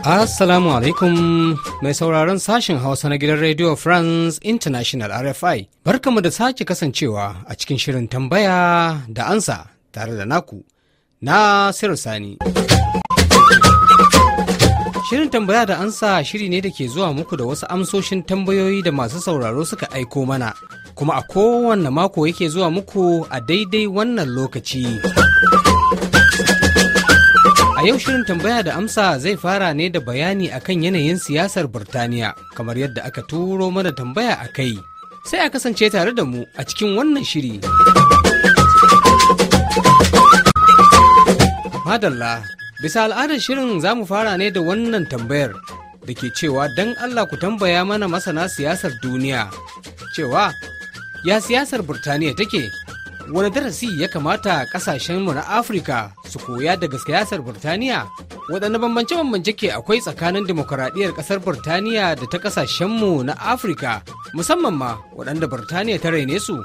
Assalamu alaikum mai sauraron sashen Hausa na gidan Radio France International RFI. Barkamu da sake kasancewa a cikin shirin tambaya da ansa tare da naku na Sani. Shirin tambaya da ansa shiri ne da ke zuwa muku da wasu amsoshin tambayoyi da masu sauraro suka aiko mana, kuma a kowane mako yake zuwa muku a daidai wannan lokaci. A yau shirin tambaya da amsa zai fara ne da bayani akan yanayin siyasar Birtaniya, kamar yadda aka turo mana tambaya a kai. Sai a kasance tare da mu a cikin wannan shiri. Madalla Bisa al'adar shirin za mu fara ne da wannan tambayar da ke cewa don Allah ku tambaya mana masana siyasar duniya cewa ya siyasar Burtaniya take wani darasi ya kamata kasashenmu na Afirka su koya daga siyasar Burtaniya waɗanne bambance-bambance ke akwai tsakanin demokuraɗiyyar ƙasar Burtaniya da ta ƙasashenmu na Afirka musamman ma waɗanda Burtaniya ta raine su.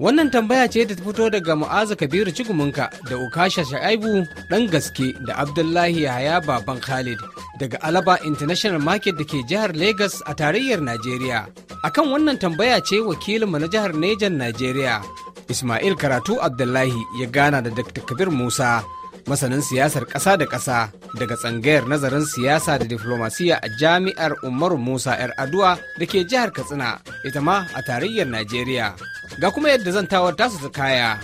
Wannan tambaya ce ta fito daga Mu'azu Kabiru Cigumunka da Ukasha Shaibu ɗan gaske da Abdullahi Yahaya Baban Khalid daga Alaba International Market da ke jihar Lagos a tarayyar Najeriya. Akan wannan tambaya ce wakilinmu na jihar Nejan Najeriya, Ismail Karatu Abdullahi ya gana da Dr. Kabir Musa, masanin siyasar ƙasa da ƙasa daga tsangayar nazarin siyasa da diflomasiya a Jami'ar Umaru Musa 'yar Aduwa da ke jihar Katsina, ita ma a tarayyar Najeriya. Ga kuma yadda zan tawar tasu kaya.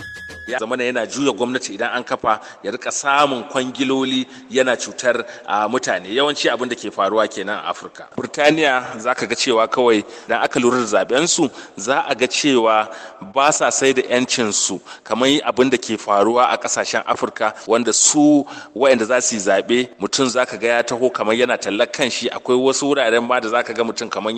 ya zama yana juya gwamnati idan an kafa ya rika samun kwangiloli yana cutar mutane yawanci abin da ke faruwa kenan a afirka burtaniya za ka ga cewa kawai dan aka lura da zaben su za a ga cewa ba sa sai da yancin su kamar abin da ke faruwa a kasashen afirka wanda su waɗanda za su yi zaɓe mutum za ka ga ya taho kamar yana tallar kan shi akwai wasu wuraren ma da za ka ga mutum kamar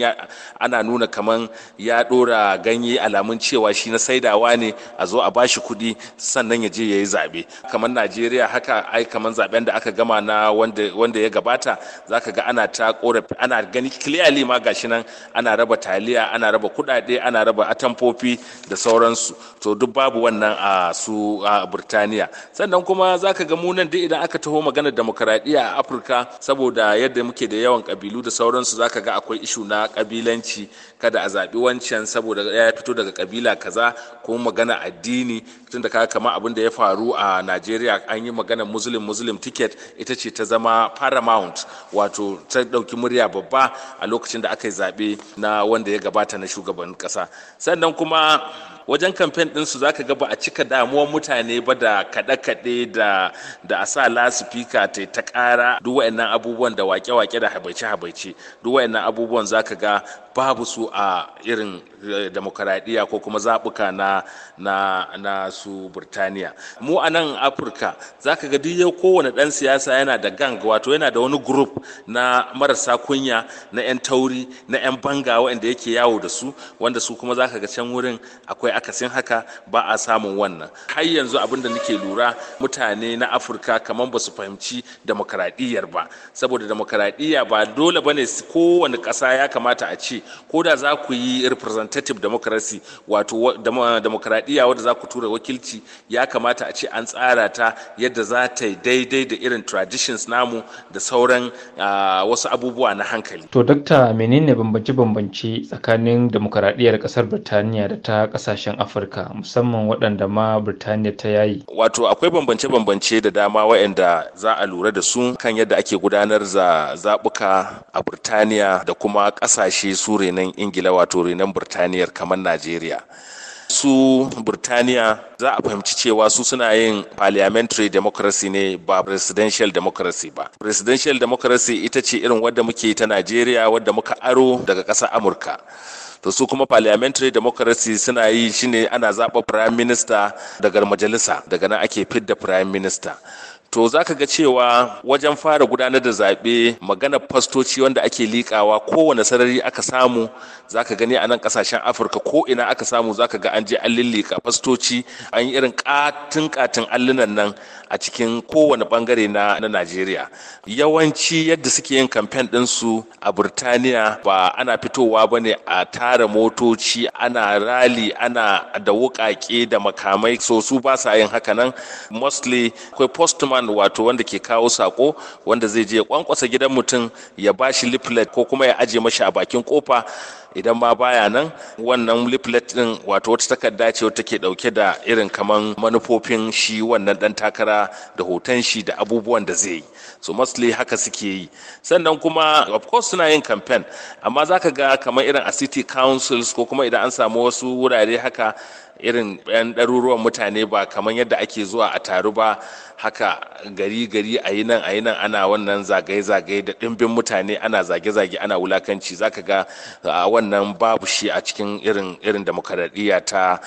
ana nuna kamar ya ɗora ganye alamun cewa shi na saidawa ne a zo a bashi kuɗi sannan ya je ya yi zaɓe kamar najeriya haka ai kamar zaɓen da aka gama na wanda ya gabata za ka ga ana ta korafi ana gani clearly ma gashi nan ana raba taliya ana raba kuɗaɗe ana raba atamfofi da sauransu to duk babu wannan a su a burtaniya sannan kuma za ka ga munan duk idan aka taho maganar demokaradiyya a afirka saboda yadda muke da yawan kabilu da sauransu za ka ga akwai ishu na kabilanci kada a zaɓi wancan saboda ya fito daga kabila kaza ko magana addini tun da kaga kamar abin da ya faru a Najeriya an yi magana muslim muslim ticket ita ce ta zama paramount wato ta ɗauki murya babba a lokacin da aka yi zaɓe na wanda ya gabata na shugaban ƙasa sannan kuma wajen kamfen ɗinsu za ka ga ba a cika damuwar mutane ba da kaɗe-kaɗe da a sa lasifika ta ta ƙara duk wa'annan abubuwan da wake-wake da habaice-habaice duk wa'annan abubuwan za ka ga babu su a irin eh, demokaradiyya ko kuma zaɓuka na na su burtaniya mu a nan afirka za ka ga duk yau kowane ɗan siyasa yana da gang wato yana da wani group na marasa kunya na 'yan tauri na 'yan banga wanda yake yawo da su wanda su kuma za ka ga can wurin akwai akasin haka ba a samun wannan har yanzu abin da nake lura mutane na afirka kamar ba su fahimci demokaradiyyar ba saboda demokaradiyya ba dole bane kowane kasa ya kamata a ce ko da za ku yi representative democracy wato demokaradiyya wadda za ku tura wakilci ya kamata a ce an tsara ta yadda za ta yi daidai da irin traditions namu da sauran wasu abubuwa na hankali to dokta menene bambance-bambance tsakanin demokaradiyyar kasar birtaniya da ta ƙasashen ƙasashen afirka musamman waɗanda ma birtaniya ta yayi wato akwai bambance-bambance da dama waɗanda za a lura da su kan yadda ake gudanar da zaɓuka a birtaniya da kuma ƙasashe su renon ingila wato renon birtaniyar kamar najeriya su burtaniya za a fahimci cewa su suna yin parliamentary democracy ne ba presidential democracy ba presidential democracy ita ce irin wadda muke ta najeriya wadda muka aro daga ƙasar amurka to su kuma parliamentary democracy suna yi shine ana zaɓa prime minister daga majalisa daga nan ake fidda prime minister to za ka ga cewa wajen fara gudanar da zaɓe maganar fastoci wanda ake liƙawa kowane sarari aka samu za ka gani a nan ƙasashen afirka ko ina aka samu za ka ga an je an lilliƙa fastoci an yi irin ƙatin ƙatin allunan nan a cikin kowane ɓangare na na najeriya yawanci yadda suke yin kamfen ɗinsu a burtaniya ba ana fitowa ba ne a tara motoci ana rali ana da wuƙaƙe da makamai so su ba sa yin haka nan mostly akwai postman an wato wanda ke kawo sako wanda zai je ya kwankwasa gidan mutum ya ba shi leaflet ko kuma ya aje mashi a bakin kofa idan ma baya nan wannan leaflet din wato wata takarda ce wata ke dauke da irin kaman manufofin shi wannan dan takara da hoton shi da abubuwan da zai yi so mostly haka suke yi sannan kuma of course suna yin campaign amma zaka ga kamar irin a city councils ko kuma idan an samu wasu wurare haka irin 'yan ɗaruruwan mutane ba kamar yadda ake zuwa a taru ba haka gari gari a yi nan a yi nan ana wannan zagaye-zagaye da ɗimbin mutane ana zage-zage ana wulakanci za ka ga wannan babu shi a cikin irin irin demokaradiyya ta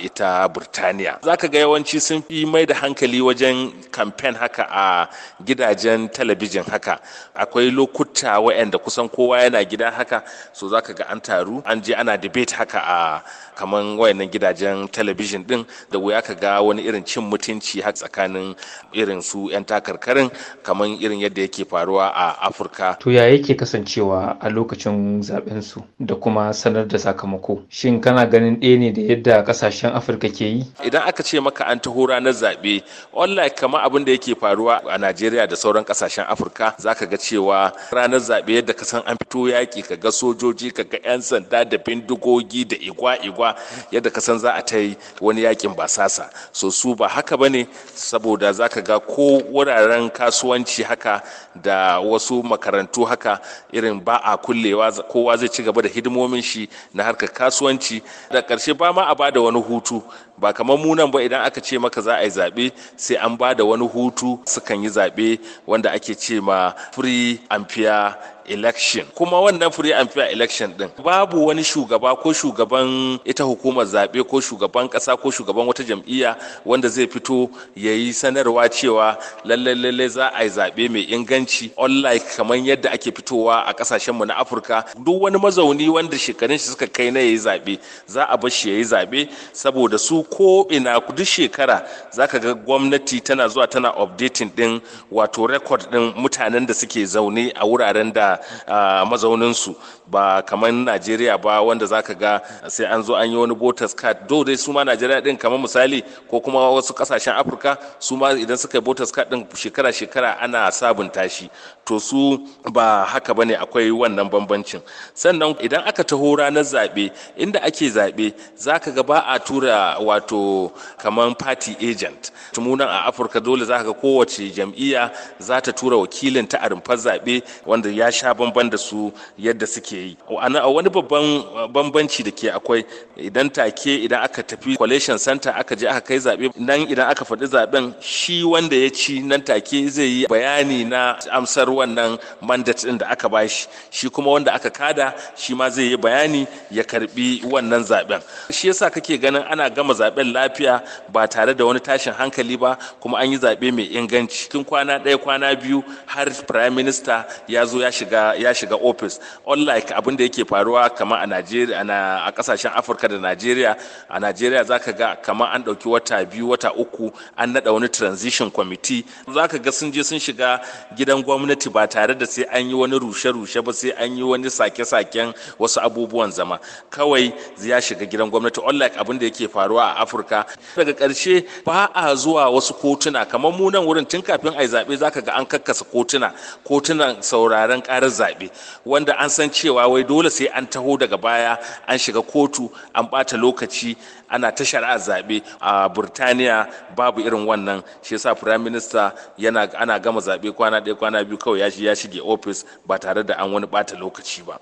ita burtaniya za ka ga yawanci sun fi mai da hankali wajen kamfen haka a gidajen talabijin haka akwai lokuta da kusan kowa yana gida haka so za ka ga an taru an je ana debate haka a kaman wayannan gidajen talabijin din da wuya ka ga wani irin cin mutunci tsakanin irin su 'yan takarkarin kamar irin yadda yake faruwa a afirka to ya yake kasancewa a lokacin zaben su da kuma sanar da sakamako shin kana ganin ɗaya ne da yadda kasashen afirka ke yi idan aka ce maka an taho ranar zaɓe wallahi kamar abin da yake faruwa a najeriya da sauran kasashen afirka zaka ga cewa ranar zaɓe yadda ka san an fito yaƙi ka ga sojoji ka ga 'yan sanda da bindigogi da igwa-igwa yadda ka san za a ta yi wani yaƙin basasa so su ba haka bane saboda za ka ga ko wuraren kasuwanci haka da wasu makarantu haka irin ba a kullewa kowa zai ci gaba da hidimomin shi na harkar kasuwanci da karshe ba ma a ba da wani hutu ba kamar munan ba idan aka ce maka za a yi zaɓe sai an ba da wani hutu sukan yi zaɓe wanda ake ce ma free amfiya election kuma wannan free and fair election din babu wani shugaba ko shugaban ita hukumar zaɓe ko shugaban ƙasa ko shugaban wata jam'iyya wanda zai fito ya yi sanarwa cewa lallai lallai za a yi zaɓe mai inganci online kamar yadda ake fitowa a ƙasashen mu na afirka duk wani mazauni wanda shekarun shi suka kai na ya yi zaɓe za a bar shi ya yi zaɓe saboda su ko ina duk shekara za ka ga gwamnati tana zuwa tana updating din wato record din mutanen da suke zaune a wuraren da A mazauninsu ba kamar najeriya ba wanda zaka ga sai an zo an yi wani voters card do dai su ma najeriya din kamar misali ko kuma wasu kasashen afirka su ma idan suka yi voters card din shekara-shekara ana sabunta shi to su ba haka bane akwai wannan bambancin sannan idan aka taho ranar zaɓe inda ake zaɓe zaka ga ba a tura wato kamar party agent tumunan a afirka dole zaka ga kowace jam'iyya za ta tura wakilin ta a rumfar zaɓe wanda ya sha bamban da su yadda suke yi a wani babban uh, bambanci da ke akwai idan take idan aka tafi collation center aka je aka kai zaɓe nan idan aka faɗi zaɓen shi wanda ya ci nan take zai yi bayani na amsar wannan mandate ɗin da aka bashi shi kuma wanda aka kada shi ma zai yi bayani ya karbi wannan zaɓen shi yasa kake ganin ana gama zaɓen lafiya ba tare da wani tashin hankali ba kuma an yi zaɓe mai inganci tun kwana ɗaya kwana biyu har prime minister ya zo ya shiga shiga ya shiga office unlike abin da yake faruwa kamar a Najeriya a kasashen Afirka da Najeriya a Najeriya zaka ga kamar an dauki wata biyu wata uku an nada wani transition committee zaka ga sun je sun shiga gidan gwamnati ba tare da sai an yi wani rushe-rushe ba sai an yi wani sake-saken wasu abubuwan zama kawai ya shiga gidan gwamnati unlike abin da yake faruwa a Afirka daga karshe ba a zuwa wasu kotuna kamar mu nan wurin tun kafin a yi zaɓe zaka ga an kakkasa kotuna kotunan sauraron kare. gyara zaɓe wanda an san cewa wai dole sai an taho daga baya an shiga kotu an ɓata lokaci ana ta shari'a zaɓe a burtaniya babu irin wannan shi yasa prime minister yana ana gama zaɓe kwana ɗaya kwana biyu kawai ya ya shige office ba tare da an wani ɓata lokaci ba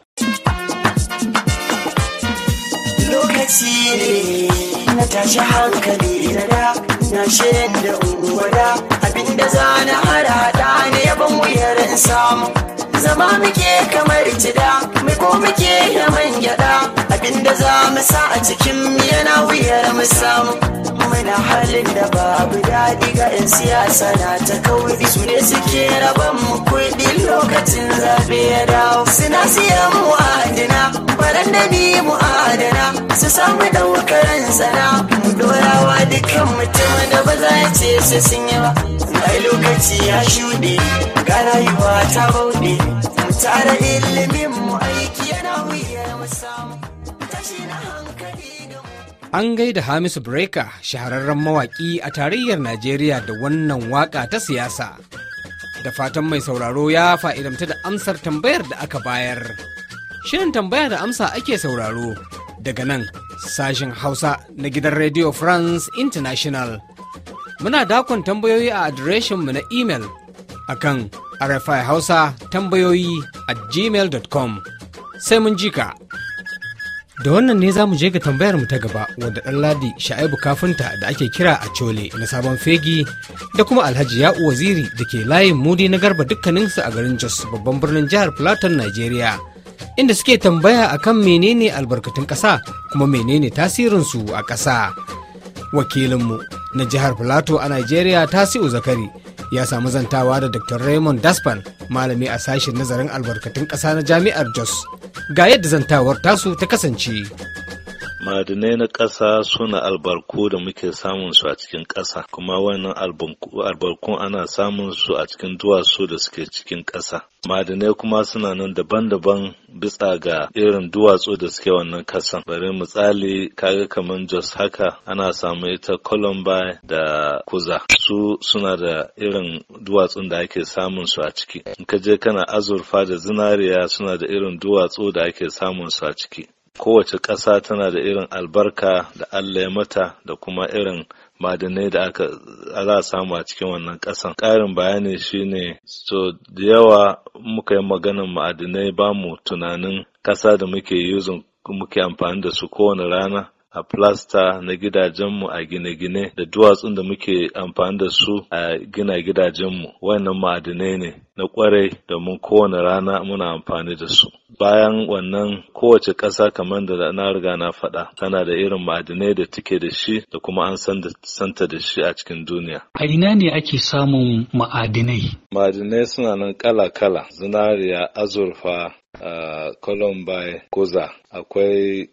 lokaci ne na tashi hankali na da na shirin da unguwa da abinda zana hada hada ne yaban wuyar samu zama muke kamar jida mai ko muke da man gyada abinda za mu sa a cikin yana wuyar mu samu muna halin da babu daɗi ga 'yan siyasa na ta kauri su ne suke rabon mu kuɗi lokacin zaɓe ya dawo suna siyan mu adana, faran da ni mu adana su samu ɗaukaran sana mu dorawa dukkan mutum da ba za ya ce su sun yi ba lokaci ya shuɗe ga rayuwa ta bauɗe tare ilimin aiki yana wuya mu samu tashi na hankali An gaida Hamisu Breaker shahararren mawaƙi a tarayyar Najeriya da wannan waƙa ta siyasa. Da fatan mai sauraro ya fa'idamta da amsar tambayar da aka bayar. Shirin tambaya da amsa ake sauraro daga nan sashen Hausa na gidan Radio France International. Muna dakon tambayoyi a adireshinmu na imel akan RFI Hausa tambayoyi a gmail.com sai mun jika. Da wannan ne za mu je ga tambayar mu ta gaba wadda dan ladi sha'ibu kafinta da ake kira a cole na sabon fegi da kuma alhaji ya'u waziri da ke layin mudi na garba dukkaninsu a garin Jos babban birnin jihar Platon Najeriya. Inda suke tambaya a kan menene albarkatun ƙasa kuma menene tasirinsu a ƙasa. Wakilinmu na jihar Plateau a Najeriya Tasi'u Zakari ya samu zantawa da dr raymond daspan malami a sashen nazarin albarkatun ƙasa na jami'ar jos ga yadda zantawar tasu ta kasance Madinai na ƙasa suna albarku da muke samun su a cikin ƙasa kuma wannan albarkun ana samun su a cikin duwatsu da suke cikin ƙasa Madinai kuma suna nan daban-daban bisa ga irin duwatsu da suke wannan kasan bari misali kaga kamar jos haka ana samu ita columbine da kuza su suna da irin duwatsun da ake samun su a ciki in ka je kana azurfa da zinariya suna da irin duwatsu da ake samun su a ciki kowace ƙasa tana da irin albarka da Allah ya mata da kuma irin ma'adinai da aka za a samu a cikin wannan ƙasan. Ƙarin bayani shine so da yawa muka yi maganin ma'adanai ba mu tunanin ƙasa da muke yuzin muke amfani da su kowane rana a plasta na gidajenmu a gine-gine da duwatsun da muke amfani da su a gina gidajenmu wannan ma'adinai ne na kwarai da mun kowane rana muna amfani da su bayan wannan kowace ƙasa kamar da na riga na faɗa tana da irin ma'adinai da take da shi da kuma an santa da shi a cikin duniya a ina ne ake samun ma'adinai ma'adinai suna nan kala-kala zinariya azurfa Uh, Columbine Koza akwai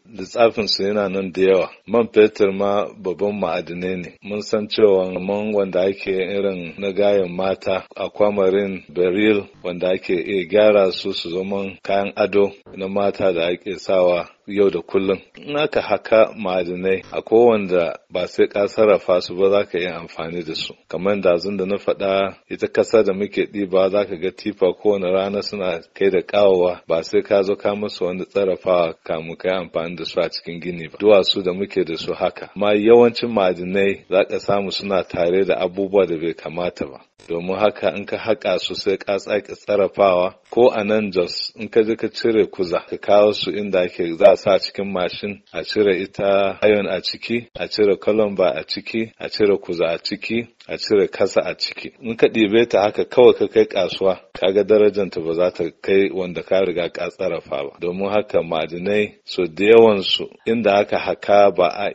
su yana nan da yawa man fetur ma babban ma'adinai ne mun san cewa man wanda ake irin na gayan mata kwamarin beril wanda ake iya gyara su su zama kayan ado na mata da ake sawa yau da kullum in aka haka ma'adinai a kowanda ba sai ka sarrafa su ba za ka yi amfani da su kamar dazun da na faɗa ita ƙasa da muke ɗiba za ka ga tifa kowane rana suna kai da ƙawawa ba sai ka zo ka musu wani tsarafawa kamu kai amfani da su a cikin gini ba duwatsu da muke da su haka ma yawancin ma'adinai za ka samu suna tare da abubuwa da bai kamata ba domin haka in ka haƙa su sai ka tsaki tsarafawa ko a nan jos in ka je ka cire kuza ka kawo su inda ake za a sa cikin mashin a cire ita ayon a ciki a cire kolomba a ciki a cire kuza a ciki a cire kasa a ciki in ka ɗibe ta haka kawai ka kai kasuwa kaga ta ba za ta kai wanda ka riga ka tsarafa ba domin haka ma'adinai su da yawansu inda aka haka ba a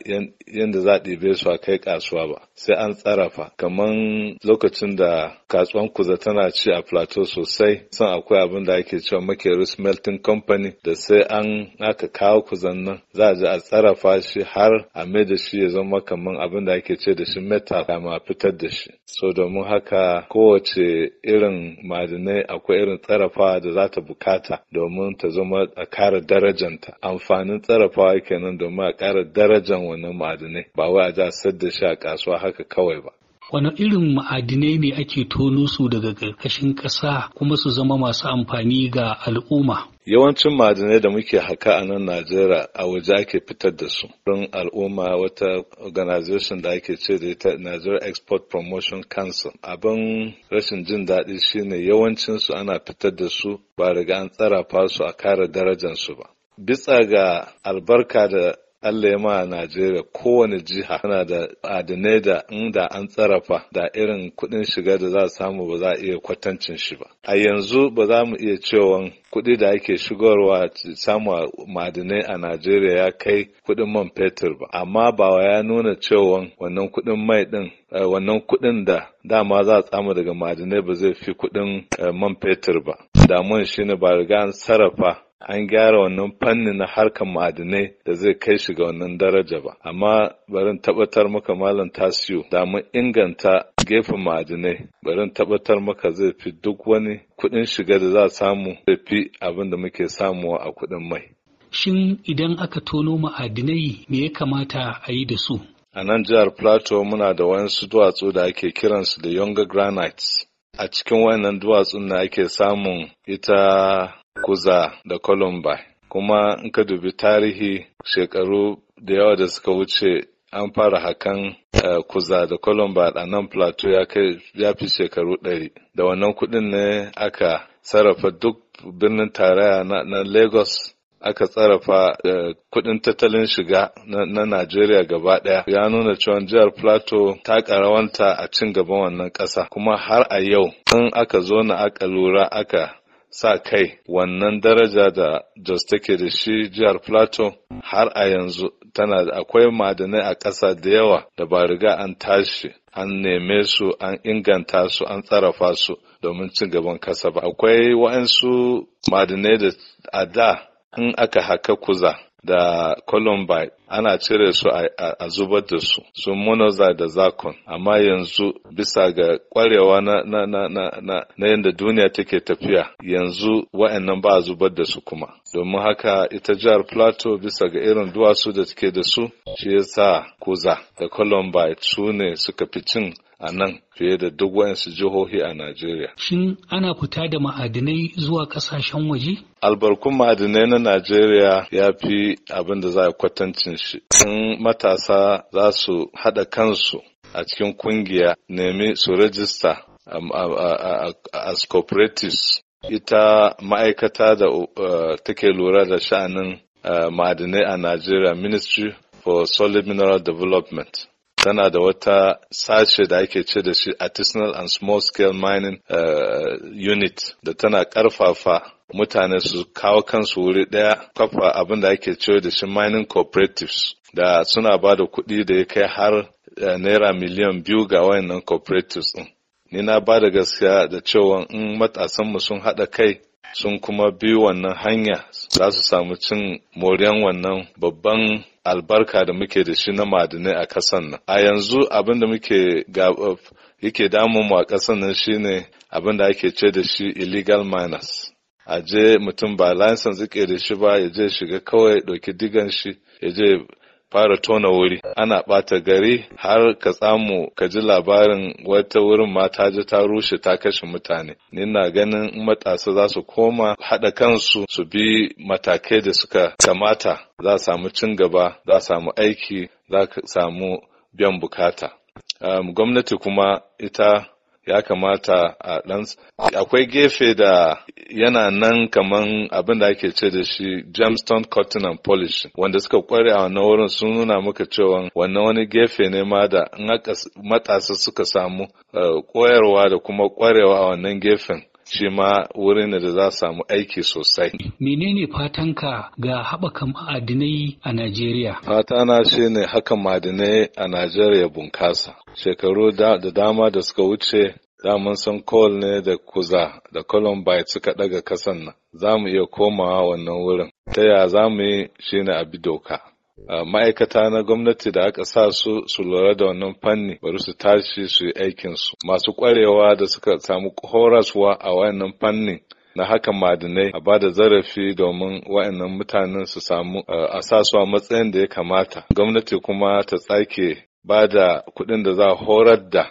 yadda za a ɗibe su a kai kasuwa ba sai an tsarafa kaman lokacin da kasuwan kuza tana ci a plateau sosai san akwai abin da ake cewa makeru melting company da sai an aka kawo kuzan nan za a je a tsarafa shi har a mai da shi ya zama kaman abin da ake ce da shi metal kama fitar da shi so domin haka kowace irin ma'adinai akwai irin tsarafa da za ta bukata domin ta zama a kara darajanta amfanin tsarafawa kenan domin a kara darajan wannan ma'adinai ma'adinai ba wai a za sadda shi a kasuwa haka kawai ba wani irin ma'adinai ne ake tono su daga ƙarƙashin ƙasa kuma su zama masu amfani ga al'umma yawancin ma'adinai da muke haka a nan najeriya a waje ake fitar da su don al'umma wata organization da ake ce da ita nigeria export promotion council abin rashin jin daɗi shine yawancin su ana fitar da su ba riga an tsarafa su a kare darajar ba Bitsa ga albarka da Allah ya ma Najeriya kowane jiha tana da adinai da inda an tsarafa da irin kuɗin shiga da za a samu ba za a iya kwatancin shi ba. A yanzu ba za mu iya cewa kuɗi da ake shigarwa samu ma'adinai a Najeriya ya kai kuɗin man fetur ba, amma ba ya nuna cewa wannan kuɗin mai ɗin eh, wannan kuɗin da dama za a samu daga ma'adinai ba zai fi kuɗin eh, man fetur ba. Damuwan shine ba riga an sarrafa an gyara wannan fanni na harkar ma'adinai da zai kai shi ga wannan daraja ba amma barin tabbatar maka malam tasiyo da mu inganta gefen ma'adinai barin tabbatar maka zai fi duk wani kuɗin shiga da za a samu zai fi abin da muke samuwa a kuɗin mai shin idan aka tono ma'adinai me ya kamata a yi da su a nan jihar plateau muna da wayansu duwatsu da ake kiransu da younger granites a cikin wayannan duwatsun da ake samun ita kuza da columbine kuma in ka dubi tarihi shekaru da yawa da suka wuce an fara hakan eh, kuza da columbine a nan plateau ya kai ya fi shekaru ɗari da wannan kuɗin ne aka sarrafa duk birnin tarayya na lagos aka tsarafa eh, kudin tattalin shiga na Najeriya gaba daya ya nuna cewa jihar Plateau ta karawanta a cin gaban wannan ƙasa kuma har a yau in aka zo na aka lura aka sa kai wannan daraja da Jos take da shi jihar Plateau har a yanzu tana da akwai madanai a ƙasa da yawa da ba riga an tashi an neme su an inganta su an tsarafa su domin cin gaban kasa ba akwai wa'ansu madanai da a da in aka haka kuza da columbine ana cire su a zubar da su sun monoxide da zakon amma yanzu bisa ga kwarewa na na na na na yadda duniya take tafiya yanzu wa'annan ba a zubar da su kuma domin haka ita jihar plateau bisa ga irin duwatsu da take da su shi yasa kuza da columbine su ne suka fi cin a nan fiye da duk wayansu jihohi a Najeriya. Shin ana fita da ma'adinai zuwa kasashen waje? Albarkun ma'adinai na Najeriya ya fi abin da za a kwatancin shi. Sun matasa za su haɗa kansu a cikin kungiya nemi su rajista um, as cooperatives. Ita ma'aikata da uh, take lura da sha'anin uh, ma'adinai a Najeriya Ministry for Solid Mineral Development. tana da wata sashe da ake ce da shi artisanal and small scale mining uh, unit da tana karfafa mutane su kawo kansu wuri ɗaya kafa abin da ake cewa da shi mining cooperatives da suna ba da kuɗi da ya kai har uh, naira miliyan biyu ga wayannan cooperatives ɗin. Ni na ba da gaskiya da cewa in matasanmu sun haɗa kai sun kuma bi wannan hanya za su samu cin moriyan wannan babban albarka da muke da shi na madina a kasan nan a yanzu abin da muke yake damun mu a kasan nan shine abin da ake ce da shi illegal miners aje mutum ba license yake da shi ba ya je shiga kawai ɗauki digan shi ya je fara tona wuri ana bata gari har ka samu ka ji labarin wata wurin ma ta ji ta rushe ta kashe mutane ni na ganin matasa za su koma haɗa kansu su bi matakai da suka kamata za samu cin gaba za samu aiki za samu biyan bukata gwamnati kuma ita ya kamata a ɗan akwai gefe da yana nan kaman abin da ake ce da shi gemstone cotton and polish wanda suka kware a wannan wurin sun nuna maka cewa wannan wani gefe ne ma da matasa suka samu eh, koyarwa da kuma kwarewa a wannan gefen shi ma wurin da za samu aiki sosai. Menene fatanka ga haɓaka ma'adinai a Najeriya? Fatana shi ne hakan ma'adinai a Najeriya bunkasa. Shekaru da dama da suka wuce daman san kol ne da kuza da columbite suka ɗaga kasan nan. Za mu iya komawa wannan wurin. Ta ya za mu yi shi ne a bi doka. ma'aikata na gwamnati da aka sa su su lura da wannan fanni bari su tashi su yi aikinsu masu kwarewa da suka samu horaswa a wannan fannin na haka madinai a ba da zarafi domin wa'annan mutanen su samu a sa su a matsayin da ya kamata gwamnati kuma ta tsake ba da kuɗin da za a horar da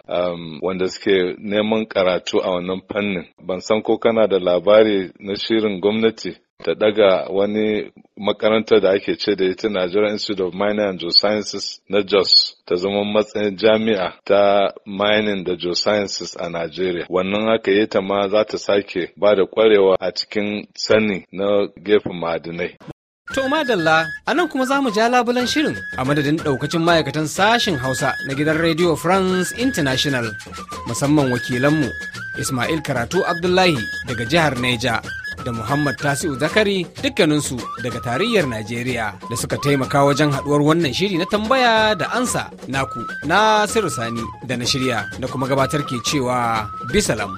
wanda suke neman karatu a wannan fannin ban san ko kana da labari na shirin gwamnati ta daga wani makarantar da ake ce da ita Nigerian Institute of Mining and Geosciences na Jos ta zama matsayin jami'a ta mining da geosciences a Najeriya. Wannan haka yi ta ma za ta sake ba da kwarewa a cikin sani na gefen ma'adinai. To madalla, a nan kuma za mu ja labulan shirin a madadin ɗaukacin ma'aikatan sashen Hausa na gidan Radio France International, musamman wakilanmu Ismail Karatu Abdullahi daga jihar Niger. da Muhammad Tasi'u Zakari dukkaninsu daga tarayyar Najeriya da suka taimaka wajen haɗuwar wannan shiri na tambaya da ansa naku na Sani da na shirya na kuma gabatar ke cewa bisalam.